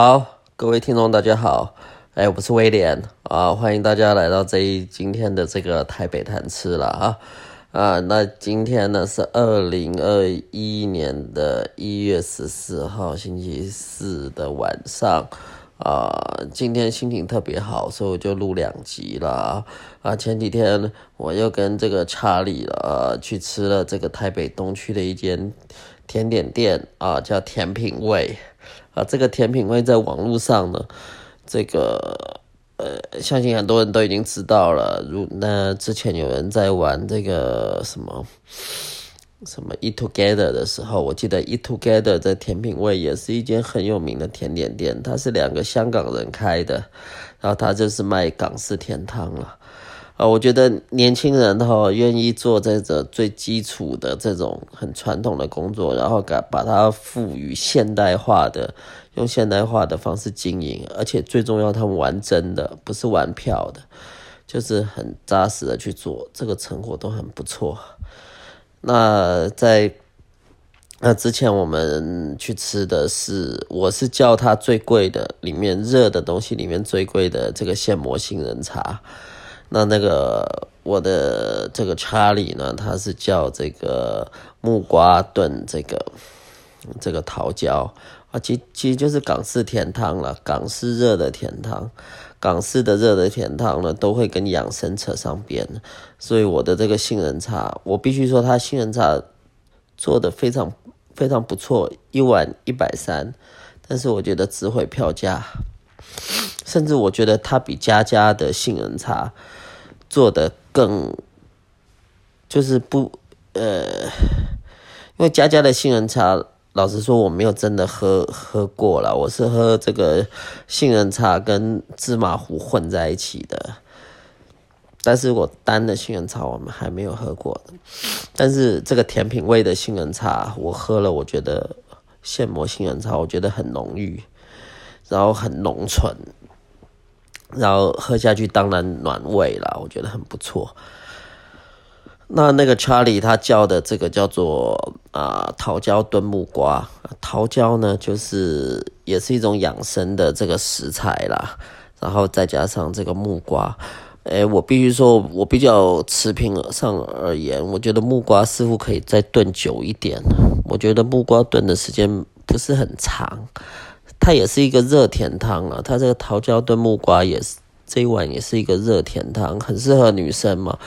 好，各位聽眾，大家好，哎、欸，我是威廉啊，歡迎大家來到這一今天的這個台北談吃了啊，啊，那今天呢是二零二一年的一月十四號星期四的晚上啊，今天心情特別好，所以我就錄兩集了啊，前幾天我又跟這個查理啊去吃了這個台北東區的一間甜點店啊，叫甜品胃。啊，這個甜品胃在網絡上呢，這個呃，相信很多人都已經知道了。如那之前有人在玩這個什麼什麼 Eat Together 的時候，我記得 Eat Together 在甜品胃也是一間很有名的甜點店，它是兩個香港人開的，然後它就是賣港式甜湯了。啊，我覺得年輕人哈願意做這種最基礎的這種很傳統的工作，然後給把它賦予現代化的，用現代化的方式經營，而且最重要，他們玩真的，不是玩票的，就是很扎實的去做，這個成果都很不錯。那在那之前，我們去吃的是，我是叫它最貴的，裡面熱的東西裡面最貴的這個現磨杏仁茶。那那個我的這個查理呢，他是叫這個木瓜燉這個這個桃膠啊，其實其實就是港式甜湯了，港式熱的甜湯，港式的熱的甜湯呢，都會跟養生扯上邊。所以我的這個杏仁茶，我必須說它杏仁茶做得非常非常不錯，一碗一百三，但是我覺得值回票價。甚至我覺得它比佳佳的杏仁茶做得更，就是不呃，因為佳佳的杏仁茶，老實說我沒有真的喝喝過了，我是喝這個杏仁茶跟芝麻糊混在一起的。但是我單的杏仁茶我們還沒有喝過，但是這個甜品胃的杏仁茶我喝了，我覺得現磨杏仁茶我覺得很濃郁，然後很濃醇。然後喝下去當然暖胃了，我覺得很不錯。那那個查理，他叫的這個叫做啊、呃、桃膠燉木瓜，桃膠呢，就是也是一種養生的這個食材啦。然後再加上這個木瓜，誒，我必須說，我比較持平上而言，我覺得木瓜似乎可以再燉久一點。我覺得木瓜燉的時間不是很長。它也是一個熱甜湯了，啊，它這個桃膠燉木瓜也是這一碗，也是一個熱甜湯，很適合女生嘛。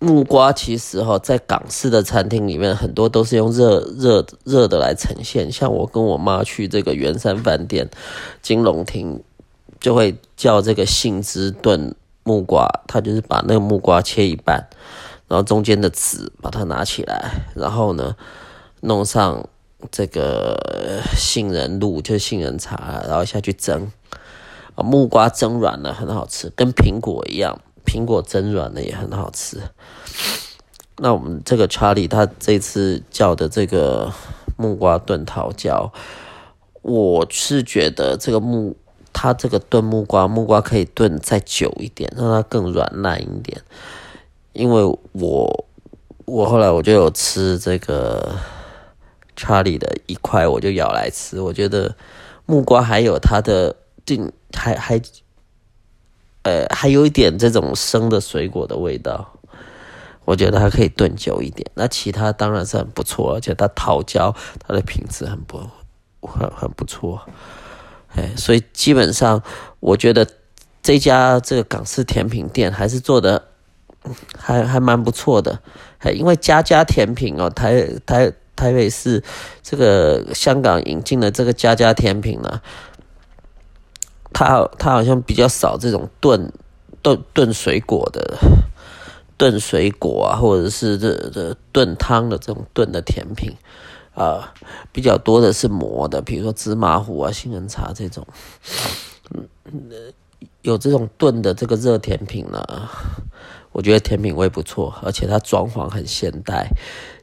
木瓜其實哈，在港式的餐廳裡面，很多都是用熱熱熱的來呈現。像我跟我媽去這個圓山飯店，金龍亭就會叫這個杏汁燉木瓜，它就是把那個木瓜切一半，然後中間的籽把它拿起來，然後呢，弄上這個。呃，杏仁露就是杏仁茶，然後下去蒸，啊，木瓜蒸軟了很好吃，跟蘋果一樣，蘋果蒸軟了也很好吃。那我們這個查理他這次叫的這個木瓜燉桃膠，我是覺得這個木，他這個燉木瓜，木瓜可以燉再久一點，讓它更軟爛一點，因為我我後來我就有吃這個。查理的一塊我就咬來吃，我覺得木瓜還有它的還還呃還有一點這種生的水果的味道，我覺得還可以燉久一點。那其他當然是很不錯，而且它桃膠它的品質很不很很不錯，哎、欸，所以基本上我覺得這家這個港式甜品店還是做得還還蠻不錯的，還、欸、因為家家甜品哦、喔，它它。台北市這個香港引進的這個佳佳甜品呢，它它好像比較少這種燉燉燉水果的燉水果啊，或者是這這燉湯的這種燉的甜品啊、呃，比較多的是磨的，比如說芝麻糊啊、杏仁茶這種，嗯，有這種燉的這個熱甜品呢、啊。我覺得甜品胃不錯，而且它裝潢很現代，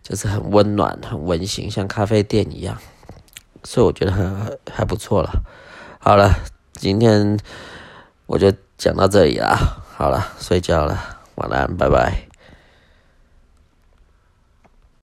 就是很溫暖、很溫馨，像咖啡店一樣，所以我覺得很還不錯了。好了，今天我就講到這裡啦。好了，睡覺了，晚安，拜拜。